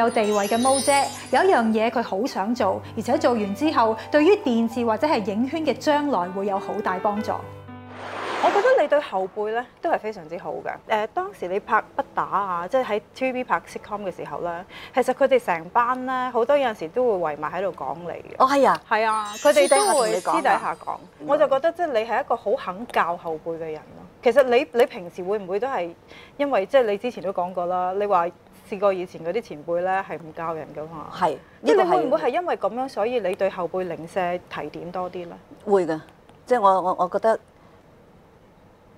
有地位嘅毛姐有一樣嘢佢好想做，而且做完之後，對於電視或者係影圈嘅將來會有好大幫助。我覺得你對後輩咧都係非常之好嘅。誒，當時你拍不打啊，即係喺 TVB 拍 sitcom 嘅時候咧，其實佢哋成班咧好多有陣時都會圍埋喺度講你嘅。哦，係啊，係啊，佢哋都會私底下講。我就覺得即係你係一個好肯教後輩嘅人咯。其實你你平時會唔會都係因為即係你之前都講過啦，你話。試過以前嗰啲前輩咧係唔教人噶嘛，即係會唔會係因為咁樣，所以你對後輩零舍提點多啲咧？會㗎，即係我我我覺得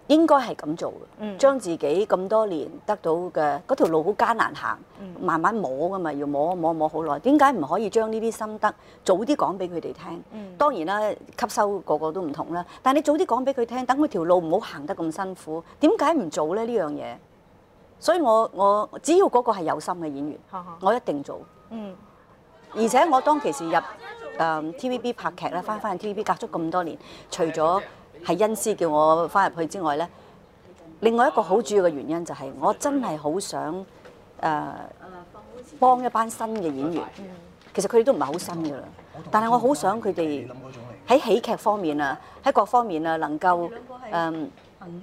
應該係咁做嘅，將自己咁多年得到嘅嗰條路好艱難行，慢慢摸噶嘛，要摸摸摸好耐。點解唔可以將呢啲心得早啲講俾佢哋聽？當然啦，吸收個個都唔同啦。但係你早啲講俾佢聽，等佢條路唔好行得咁辛苦。點解唔做咧呢樣嘢？所以我我只要嗰個係有心嘅演員，嗯，我一定做。嗯，而且我當其時入誒 TVB 拍劇咧，翻返去 TVB 隔咗咁多年，除咗係恩師叫我翻入去之外咧，另外一個好主要嘅原因就係我真係好想誒、呃、幫一班新嘅演員。其實佢哋都唔係好新㗎啦，但係我好想佢哋喺喜劇方面啊，喺各方面啊，能夠誒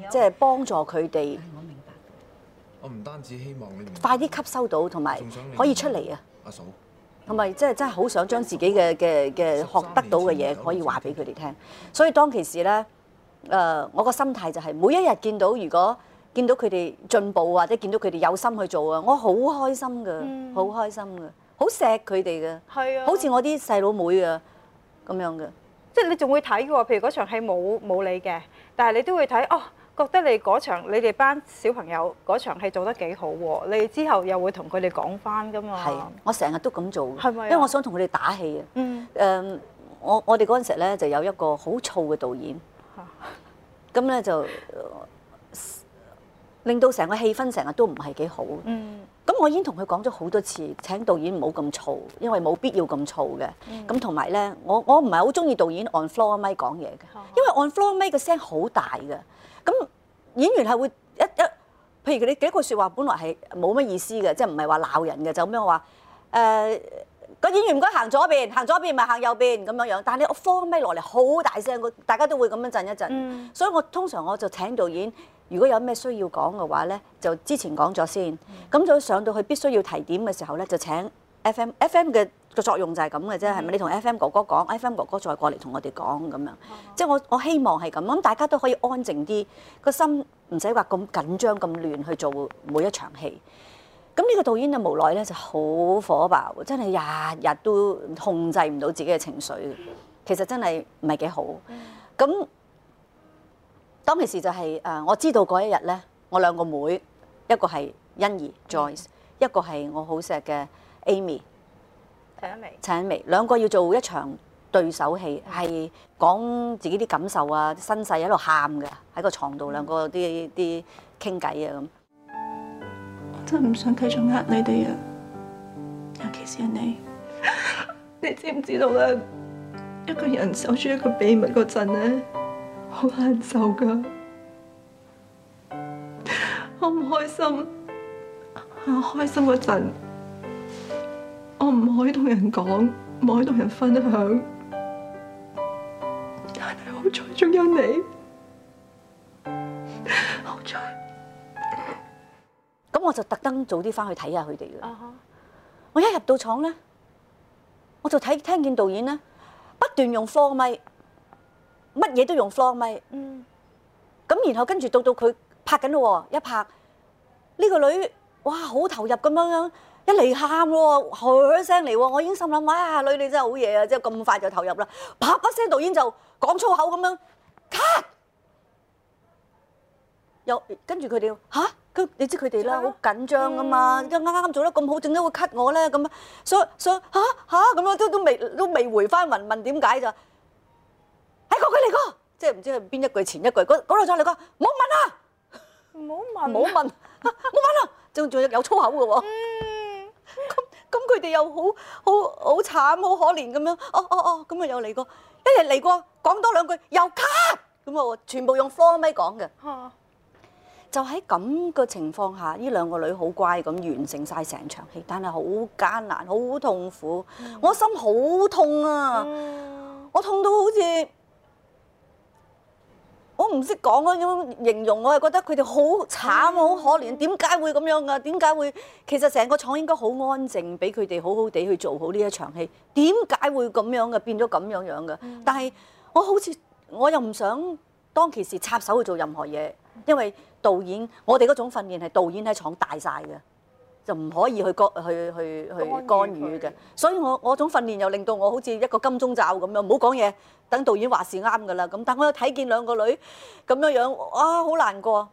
即係幫助佢哋。我唔單止希望你快啲吸收到，同埋可以出嚟啊！阿嫂，同埋即係真係好想將自己嘅嘅嘅學得到嘅嘢可以話俾佢哋聽。所以當其時咧，誒、呃，我個心態就係每一日見到，如果見到佢哋進步或者見到佢哋有心去做啊，我好開心噶，好、嗯、開心噶，好錫佢哋嘅，係啊，好似我啲細佬妹啊咁樣嘅。即、就、係、是、你仲會睇喎，譬如嗰場戲冇冇你嘅，但係你都會睇哦。覺得你嗰場你哋班小朋友嗰場戲做得幾好喎？你之後又會同佢哋講翻噶嘛？係我成日都咁做係咪，因為我想同佢哋打氣啊。嗯、um，誒，我我哋嗰陣時咧就有一個好燥嘅導演，咁、嗯、咧就令到成個氣氛成日都唔係幾好。嗯，咁我已經同佢講咗好多次，請導演唔好咁燥，因為冇必要咁燥嘅。咁同埋咧，我我唔係好中意導演按 floor mic 講嘢嘅，嗯、因為按 floor mic 個聲好大嘅。咁演員係會一一，譬如佢哋幾句説話，本來係冇乜意思嘅，即係唔係話鬧人嘅，就咁樣話。誒、呃，個演員唔該行左邊，行左邊咪行右邊咁樣樣。但你我方咩落嚟好大聲，大家都會咁樣震一震。嗯、所以我通常我就請導演，如果有咩需要講嘅話咧，就之前講咗先。咁就上到去必須要提點嘅時候咧，就請 FM、嗯、FM 嘅。個作用就係咁嘅啫，係咪？你同 FM 哥哥講，FM 哥哥再過嚟同我哋講咁樣，即係我我希望係咁，咁大家都可以安靜啲，個心唔使話咁緊張咁亂去做每一場戲。咁呢個導演啊無奈咧就好火爆，真係日日都控制唔到自己嘅情緒，其實真係唔係幾好。咁當其時就係誒，我知道嗰一日咧，我兩個妹，一個係欣宜 Joyce，一個係我好錫嘅 Amy。陳一薇、陳一薇，兩個要做一場對手戲，係講自己啲感受啊、身世喺度喊嘅，喺個床度兩個啲啲傾偈啊咁。我真係唔想繼續呃你哋啊，尤其是你，你知唔知道咧？一個人守住一個秘密嗰陣咧，好難受㗎，好唔開心，好開心嗰陣。我唔可以同人講，唔可以同人分享，但係好彩仲有你，好彩。咁我就特登早啲翻去睇下佢哋啦。我一入到廠咧，我就睇聽見導演咧，不斷用放咪，乜嘢都用放咪。嗯。咁然後跟住到到佢拍緊啦，一拍呢個女，哇，好投入咁樣樣。一嚟喊喎，呵聲嚟喎，我已經心諗啊，女你真係好嘢啊，即係咁快就投入啦。啪嗰聲，導演就講粗口咁樣 cut，又跟住佢哋嚇，佢你知佢哋啦，好緊張噶嘛。即係啱啱做得咁好，點解會 cut 我咧？咁啊，所所嚇嚇咁樣都都未都未回翻問問點解咋？係嗰句嚟噶，即係唔知係邊一句前一句嗰嗰度再嚟講，冇問啊，冇問冇問啊，冇問啊，仲仲有有粗口嘅喎。咁咁佢哋又好好好慘好可憐咁樣，哦哦哦，咁、哦、啊又嚟過，過，一日嚟過講多兩句又卡，咁啊全部用科咪講嘅，就喺咁嘅情況下，呢兩個女好乖咁完成曬成場戲，但係好艱難，好痛苦，我心好痛啊，我痛到好似～我唔識講啊！咁形容我係覺得佢哋好慘，好可憐。點解會咁樣㗎？點解會？其實成個廠應該好安靜，俾佢哋好好地去做好呢一場戲。點解會咁樣嘅？變咗咁樣樣嘅？但係我好似我又唔想當其時插手去做任何嘢，因為導演我哋嗰種訓練係導演喺廠大晒嘅。就唔可以去幹去去去干預嘅，所以我我種訓練又令到我好似一個金鐘罩咁樣，唔好講嘢，等導演話事啱㗎啦。咁但我又睇見兩個女咁樣樣，哇、啊，好難過。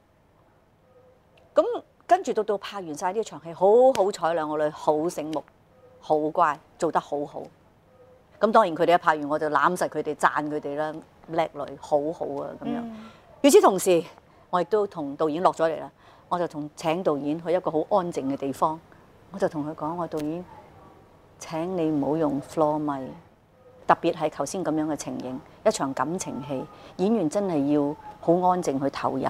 咁跟住到到拍完晒呢場戲，好好彩兩個女好醒目，好乖，做得好好。咁當然佢哋一拍完我就攬實佢哋，讚佢哋啦，叻女，好好啊咁樣、嗯。與此同時，我亦都同導演落咗嚟啦。我就同請導演去一個好安靜嘅地方，我就同佢講：我導演請你唔好用 floor 麥，特別係頭先咁樣嘅情形，一場感情戲，演員真係要好安靜去投入。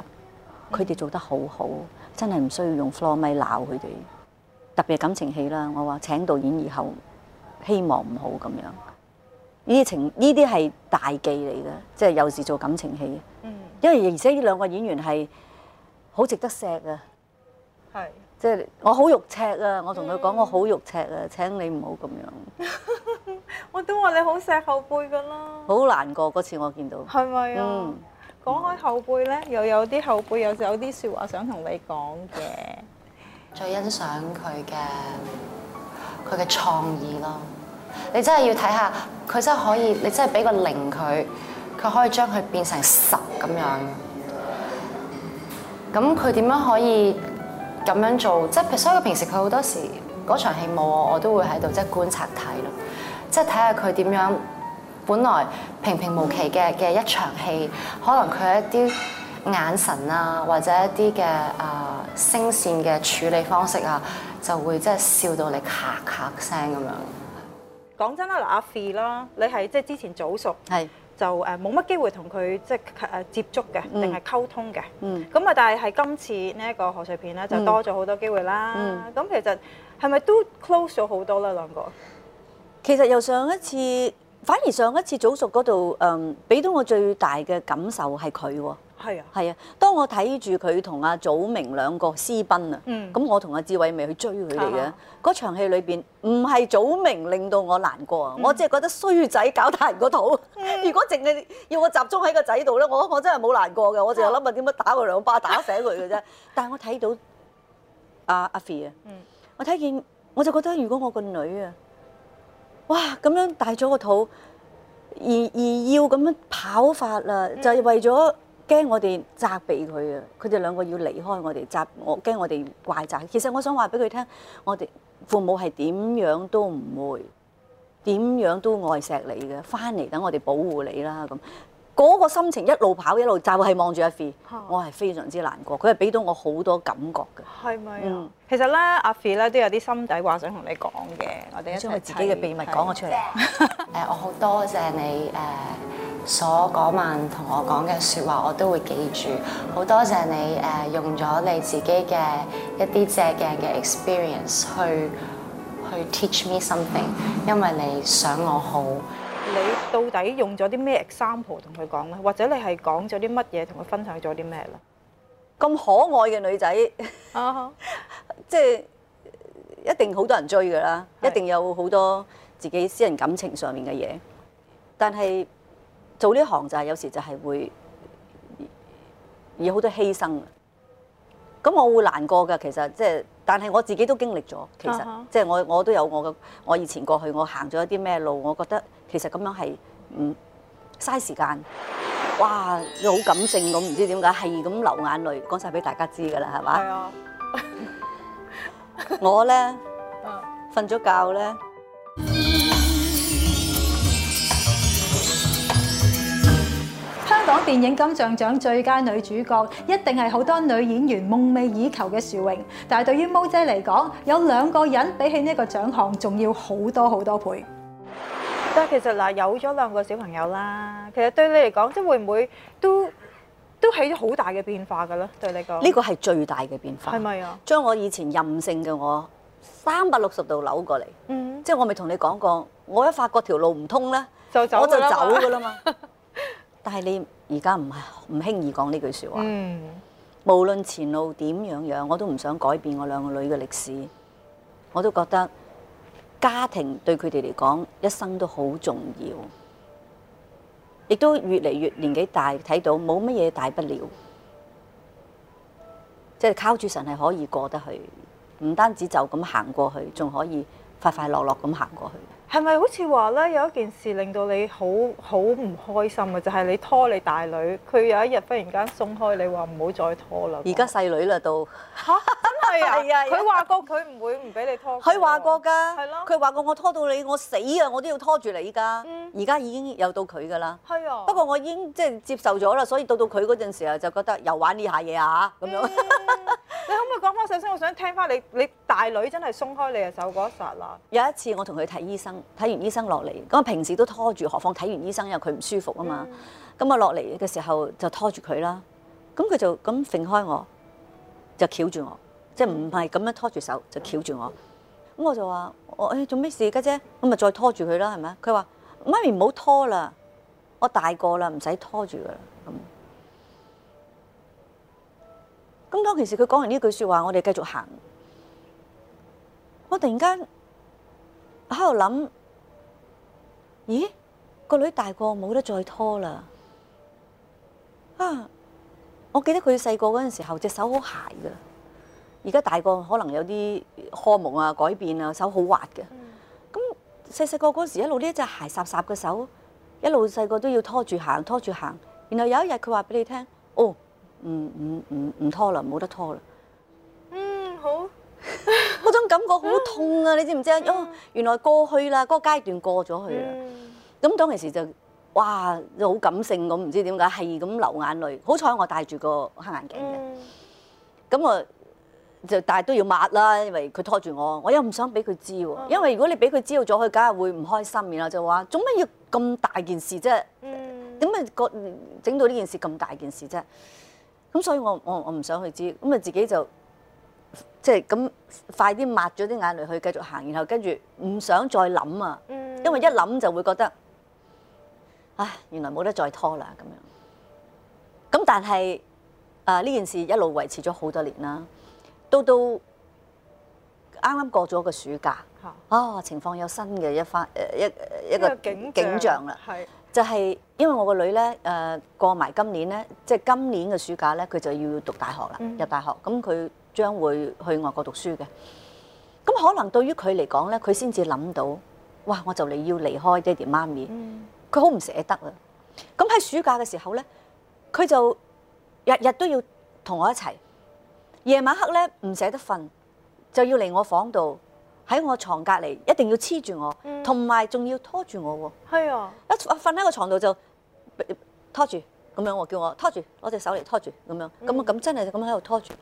佢哋做得好好，真係唔需要用 floor 麥鬧佢哋。特別係感情戲啦，我話請導演以後希望唔好咁樣。呢情呢啲係大忌嚟嘅，即係有時做感情戲，因為而且呢兩個演員係。好值得錫啊！係、就是，即係我好肉赤啊！我同佢講，嗯、我好肉赤啊！請你唔好咁樣 。我都話你好錫後輩㗎啦。好難過嗰次我見到。係咪啊？講、嗯、開後輩咧、嗯，又有啲後輩又有啲説話想同你講嘅。最欣賞佢嘅佢嘅創意咯。你真係要睇下，佢真係可以，你真係俾個零佢，佢可以將佢變成十咁樣。咁佢點樣可以咁樣做？即係所以佢平時佢好多時嗰場戲冇我，我都會喺度即係觀察睇咯，即係睇下佢點樣。本來平平無奇嘅嘅一場戲，可能佢一啲眼神啊，或者一啲嘅啊聲線嘅處理方式啊，就會即係笑到你咔咔聲咁樣。講真啦，嗱阿 Free 啦，你係即係之前早熟。係。就誒冇乜機會同佢即係誒接觸嘅，定係溝通嘅。咁、嗯、啊，但係係今次呢一個賀歲片咧，就多咗好多機會啦。咁、嗯、其實係咪都 close 咗好多咧？兩個其實由上一次，反而上一次早熟嗰度誒，俾、呃、到我最大嘅感受係佢喎。係啊，係啊！當我睇住佢同阿祖明兩個私奔、嗯、啊，咁我同阿志偉咪去追佢哋嘅嗰場戲裏邊，唔係祖明令到我難過啊、嗯！我只係覺得衰仔搞大人個肚、嗯。如果淨係要我集中喺個仔度咧，我我真係冇難過嘅。我淨係諗下點樣打佢兩巴打醒佢嘅啫。但係我睇到阿、啊、阿飛啊，我睇見我就覺得，如果我個女啊，哇咁樣大咗個肚，而而要咁樣跑法啊，就係、是、為咗。驚我哋責備佢啊！佢哋兩個要離開我哋，責我驚我哋怪責。其實我想話俾佢聽，我哋父母係點樣都唔會，點樣都愛錫你嘅，翻嚟等我哋保護你啦咁。嗰、那個心情一路跑一路就係望住阿 f 我係非常之難過，佢係俾到我好多感覺嘅。係咪啊？嗯，其實咧，阿 f 咧都有啲心底話想同你講嘅，我哋一齊將佢自己嘅秘密講咗出嚟。誒， 我好多謝你誒所嗰晚同我講嘅説話，我都會記住。好多謝你誒用咗你自己嘅一啲借鏡嘅 experience 去去 teach me something，因為你想我好。你到底用咗啲咩 example 同佢講咧？或者你係講咗啲乜嘢同佢分享咗啲咩咧？咁可愛嘅女仔，即、uh、係 -huh. 一定好多人追噶啦，一定有好多自己私人感情上面嘅嘢。但係做呢行就係有時就係會有很，而好多犧牲。咁我會難過噶。其實即、就、係、是，但係我自己都經歷咗，其實即係、uh -huh. 我我都有我嘅，我以前過去我行咗一啲咩路，我覺得。其實咁樣係唔嘥時間，哇！你好感性咁，唔知點解係咁流眼淚，講晒俾大家知噶啦，係嘛？係啊，我咧瞓咗覺咧。香港電影金像獎最佳女主角一定係好多女演員夢寐以求嘅殊榮，但係對於毛姐嚟講，有兩個人比起呢個獎項仲要好多好多倍。但其實嗱，有咗兩個小朋友啦，其實對你嚟講，即係會唔會都都起咗好大嘅變化嘅咧？對你講，呢個係最大嘅變化。係咪啊？將我以前任性嘅我，三百六十度扭過嚟，嗯，即係我咪同你講過，我一發覺條路唔通咧，就走我就走嘅啦嘛。 但係你而家唔係唔輕易講呢句説話。嗯。無論前路點樣樣，我都唔想改變我兩個女嘅歷史。我都覺得。家庭對佢哋嚟講，一生都好重要，亦都越嚟越年紀大，睇到冇乜嘢大不了，即係靠住神係可以過得去，唔單止就咁行過去，仲可以快快樂樂咁行過去。係咪好似話咧？有一件事令到你好好唔開心嘅，就係你拖你大女，佢有一日忽然間鬆開你，話唔好再拖啦。而家細女啦都嚇，係啊！佢話、啊、過佢唔會唔俾你拖。佢話過㗎，佢話、啊、過我拖到你我死啊！我都要拖住你依家。而家已經有到佢㗎啦。係啊。不過我已經即係接受咗啦，所以到到佢嗰陣時候就覺得又玩呢下嘢啊咁樣。嗯你可唔可以講翻首先，我想聽翻你，你大女真係鬆開你嘅手嗰一剎啦。有一次我同佢睇醫生，睇完醫生落嚟，咁我平時都拖住，何況睇完醫生因為佢唔舒服啊嘛。咁啊落嚟嘅時候就拖住佢啦。咁佢就咁甩開我，就翹住我，即係唔係咁樣拖住手就翹住我。咁、嗯、我就話：我誒做咩事家姐？咁咪再拖住佢啦，係咪？佢話：媽咪唔好拖啦，我大個啦，唔使拖住㗎啦。咁。咁當其時，佢講完呢句說話，我哋繼續行。我突然間喺度諗，咦？個女大個冇得再拖啦！啊！我記得佢細個嗰陣時候，隻手好鞋嘅。而家大個可能有啲荷蒙啊，改變啊，手好滑嘅。咁細細個嗰時候一路呢一隻鞋濕濕嘅手，一路細個都要拖住行，拖住行。然後有一日佢話俾你聽，哦。唔唔唔唔拖啦，冇得拖啦。嗯，好。嗰 種感覺好痛啊！你知唔知啊、嗯？哦，原來過去啦，嗰個階段過咗去啦。咁、嗯、當其時就哇，好感性咁，唔知點解係咁流眼淚。好彩我戴住個黑眼鏡嘅。咁、嗯、我就但係都要抹啦，因為佢拖住我，我又唔想俾佢知喎、嗯。因為如果你俾佢知道咗，佢梗係會唔開心嘅啦，就話做乜要咁大件事啫？點解個整到呢件事咁大件事啫？咁所以我，我我我唔想去知，咁啊自己就即係咁快啲抹咗啲眼淚去繼續行，然後跟住唔想再諗啊、嗯，因為一諗就會覺得，唉，原來冇得再拖啦咁樣。咁但係啊呢件事一路維持咗好多年啦，都到啱啱過咗個暑假，啊、哦、情況有新嘅一番誒一一個景、這個、景象啦。就係、是、因為我個女咧，誒、呃、過埋今年咧，即係今年嘅暑假咧，佢就要讀大學啦、嗯，入大學。咁佢將會去外國讀書嘅。咁可能對於佢嚟講咧，佢先至諗到，哇！我就嚟要離開爹哋媽咪，佢好唔捨得啊。咁喺暑假嘅時候咧，佢就日日都要同我一齊，夜晚黑咧唔捨得瞓，就要嚟我房度。喺我床隔離，一定要黐住我，同埋仲要拖住我喎。係啊！一瞓喺個床度就拖住咁樣，我叫我拖住，攞隻手嚟拖住咁樣。咁啊咁真係咁喺度拖住。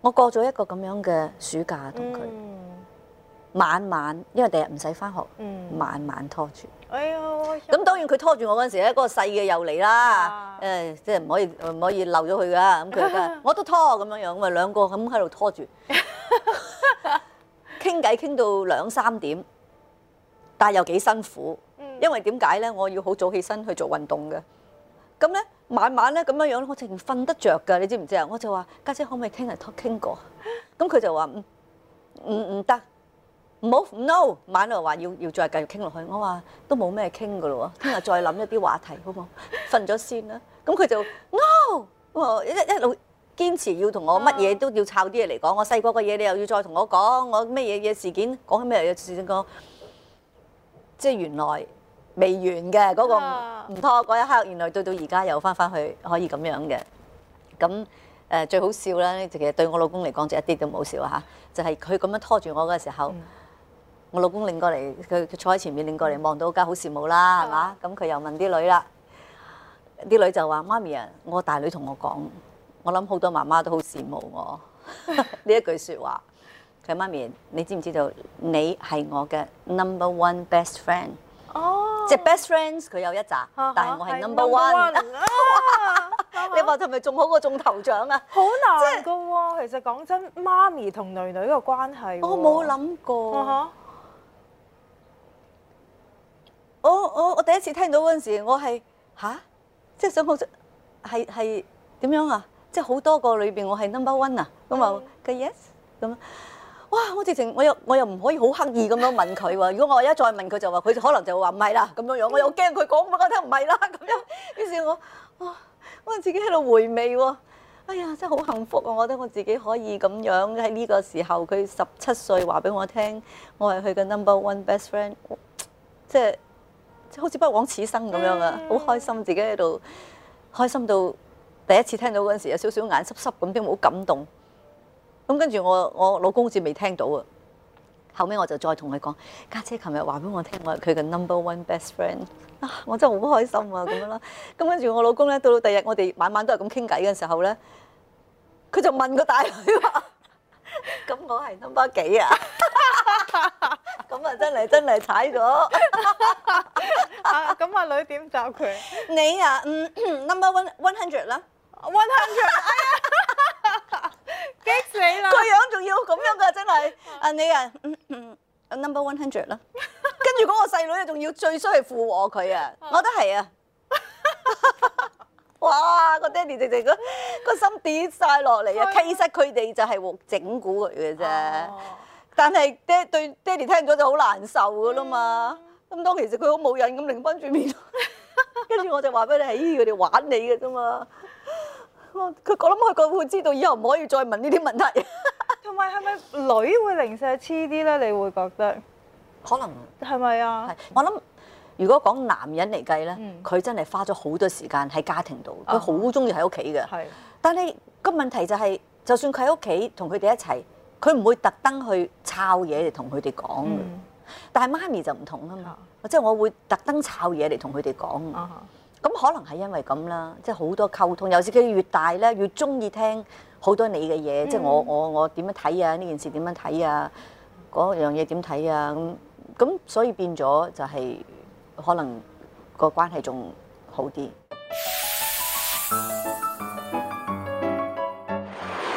我過咗一個咁樣嘅暑假同佢晚晚，因為第日唔使翻學，晚、嗯、晚拖住。哎呀！咁當然佢拖住我嗰陣時咧，嗰、嗰個細嘅又嚟啦。誒、啊，即係唔可以唔可以漏咗佢噶。咁佢咧， 我都拖咁樣樣，咁啊兩個咁喺度拖住。 傾偈傾到兩三點，但係又幾辛苦，因為點解咧？我要好早起身去做運動嘅，咁咧晚晚咧咁樣樣，我淨係瞓得著嘅，你知唔知啊？我就話家姐可唔可以聽日都傾過？咁佢就話唔唔唔得，唔好唔 no，晚又話要要再繼續傾落去。我話都冇咩傾嘅嘞喎，聽日再諗一啲話題好冇？瞓咗先啦。咁佢就 no，我一一路。堅持要同我乜嘢都要抄啲嘢嚟講。我細個個嘢你又要再同我講。我咩嘢嘢事件講起咩嘢事件個即係原來未完嘅嗰、嗰個唔拖嗰一刻，原來到到而家又翻翻去可以咁樣嘅咁誒，最好笑啦！其實對我老公嚟講就一啲都唔好笑嚇，就係佢咁樣拖住我嘅時候、嗯，我老公擰過嚟，佢坐喺前面擰過嚟望到家好羨慕啦，係、嗯、嘛？咁佢又問啲女啦，啲女就話：媽咪啊，我大女同我講。我諗好多媽媽都好羨慕我呢 一句説話。佢媽咪，你知唔知道你係我嘅？你、oh. 係我嘅、uh -huh. number one best friend。哦，即 best friends 佢有一紮，但係我係 number one。你話係咪仲好過中頭獎？uh -huh. 就是、啊？好難嘅喎，其實講真，媽咪同女女嘅關係，啊，我冇諗過。Uh -huh. 我我我第一次聽到嗰陣時，我係吓，即想好，就係係點樣啊？即係好多個裏邊，我係 number one 啊！咁啊，佢 yes 咁、yes.，哇！我直情我又我又唔可以好刻意咁樣問佢喎。如果我一再問佢，就話佢可能就話唔係啦咁樣樣。我又驚佢講俾我聽唔係啦咁樣。於是我，我哇！我自己喺度回味喎。哎呀，真係好幸福啊！我覺得我自己可以咁樣喺呢個時候，佢十七歲話俾我聽，我係佢嘅 number one best friend，即係即係好似不枉此生咁樣啊！好、mm. 開心，自己喺度開心到～第一次聽到嗰陣時有少少眼濕濕咁，都好感動。咁跟住我我老公好似未聽到啊。後尾我就再同佢講，家姐琴日話俾我聽，我係佢嘅 number one best friend。啊，我真係好開心啊咁樣啦。咁跟住我老公咧，到到第日我哋晚晚都係咁傾偈嘅時候咧，佢就問個大女話，咁我係 number 幾啊？咁啊真係真係踩咗。咁阿女點教佢？你啊，嗯，number one one hundred 啦。One hundred，哎呀，激 死啦！的樣樣真的你啊、 那個樣仲要咁樣嘅真係，啊你啊，number one hundred 啦，跟住嗰個細女仲要最衰係附和佢啊，我覺得係啊，哇個爹哋直直個心跌晒落嚟啊，其實佢哋就係整蠱佢嘅啫，但係爹哋對爹哋聽咗就好難受噶啦嘛，咁、嗯、當其實佢好冇癮咁凌翻轉面，跟住 我就話俾你聽，咦，佢哋玩你嘅啫嘛。佢佢諗佢佢會知道以後唔可以再問呢啲問題，同埋係咪女會零舍黐啲咧？你會覺得可能係咪啊？我諗如果講男人嚟計咧，佢、嗯、真係花咗好多時間喺家庭度，佢好中意喺屋企嘅。係、嗯，但係個問題就係、是，就算佢喺屋企同佢哋一齊，佢唔會特登去抄嘢嚟同佢哋講嘅。但係媽咪就唔同啊嘛，即係我會特登抄嘢嚟同佢哋講。嗯咁可能係因為咁啦，即係好多溝通。尤其是佢越大咧，越中意聽好多你嘅嘢，即係我我我點樣睇啊？呢件事點樣睇啊？嗰樣嘢點睇啊？咁咁所以變咗就係可能個關係仲好啲。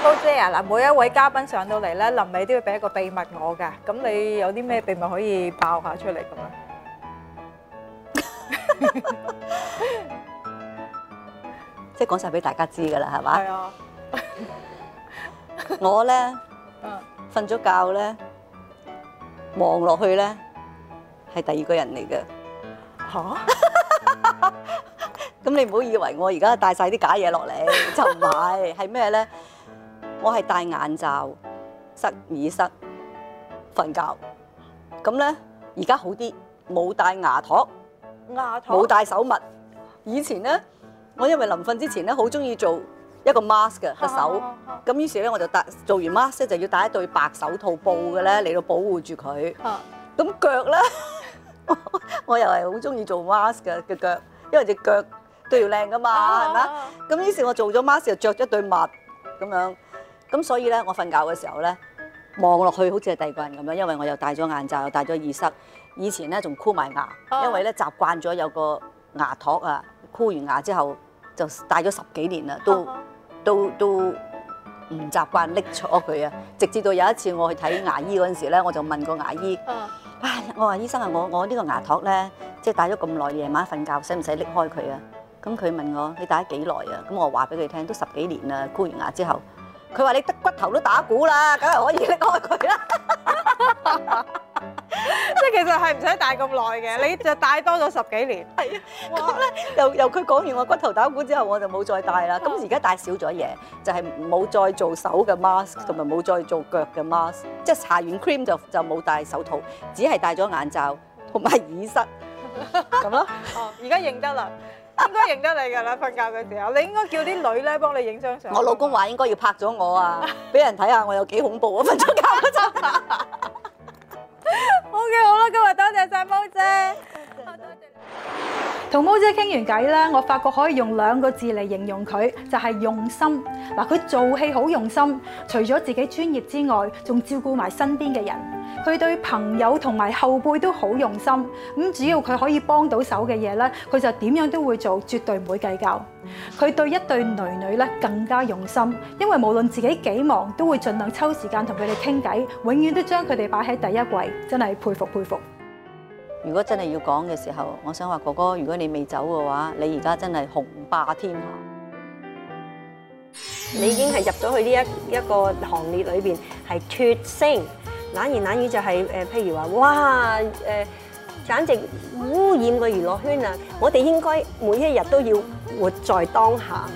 多謝啊！嗱，每一位嘉賓上到嚟咧，臨尾都要俾一個秘密我㗎。咁你有啲咩秘密可以爆下出嚟咁咧？即係講晒俾大家知㗎啦，係嘛？ 我咧瞓咗覺咧，望落去咧係第二個人嚟嘅嚇，咁 你唔好以為我而家戴晒啲假嘢落嚟，就唔係係咩咧？我係戴眼罩、塞耳塞瞓覺，咁咧而家好啲，冇戴牙托，牙托，冇戴手襪，以前咧。我因為臨瞓之前咧，好中意做一個 mask 嘅個手，咁、嗯、於是咧我就戴做完 mask 就要戴一對白手套布嘅咧嚟到保護住佢。咁、嗯、腳咧， 我又係好中意做 mask 嘅嘅腳，因為隻腳都要靚噶嘛，係咪？咁於是，我做咗 mask 又着咗對襪咁樣。咁所以咧，我瞓覺嘅時候咧，望落去好似係第二個人咁樣，因為我又戴咗眼罩，又戴咗耳塞。以前咧仲箍埋牙、嗯，因為咧習慣咗有個牙托啊，箍完牙之後。就戴咗十幾年啦，都都都唔習慣拎咗佢啊！直至到有一次我去睇牙醫嗰陣時咧，我就問個牙醫：啊，我話醫生啊，我我呢個牙托咧，即係戴咗咁耐，夜晚瞓覺使唔使拎開佢啊？咁佢問我：你戴咗幾耐啊？咁我話俾佢聽，都十幾年啦，箍完牙之後。佢話：你得骨頭都打鼓啦，梗係可以拎開佢啦。即係其實係唔使戴咁耐嘅，你就戴多咗十幾年。係啊，咁咧又由佢講完我骨頭打鼓之後，我就冇再戴啦。咁而家戴少咗嘢，就係冇再做手嘅 mask，同埋冇再做腳嘅 mask。即係搽完 cream 就就冇戴手套，只係戴咗眼罩同埋耳塞咁咯。哦，而家認得啦。應該認得你㗎啦，瞓覺嘅時候，你應該叫啲女咧幫你影張相。我老公話應該要拍咗我啊，俾 人睇下我有幾恐怖啊，瞓咗覺都得。 okay，好嘅，好啦，今日多謝晒，毛姐，好多謝，謝你。同毛姐傾完偈啦，我發覺可以用兩個字嚟形容佢，就係用心。嗱，佢做戲好用心，除咗自己專業之外，仲照顧埋身邊嘅人。佢對朋友同埋後輩都好用心。咁只要佢可以幫到手嘅嘢咧，佢就點樣都會做，絕對唔會計較。佢對一對囡囡咧更加用心，因為無論自己幾忙，都會盡量抽時間同佢哋傾偈，永遠都將佢哋擺喺第一位。真係佩服佩服。如果真係要講嘅時候，我想話哥哥，如果你未走嘅話，你而家真係雄霸天下，你已經係入咗去呢一一個行列裏邊，係脫星，冷言冷語就係、是、誒，譬如話，哇誒，簡直污染個娛樂圈啊！我哋應該每一日都要活在當下。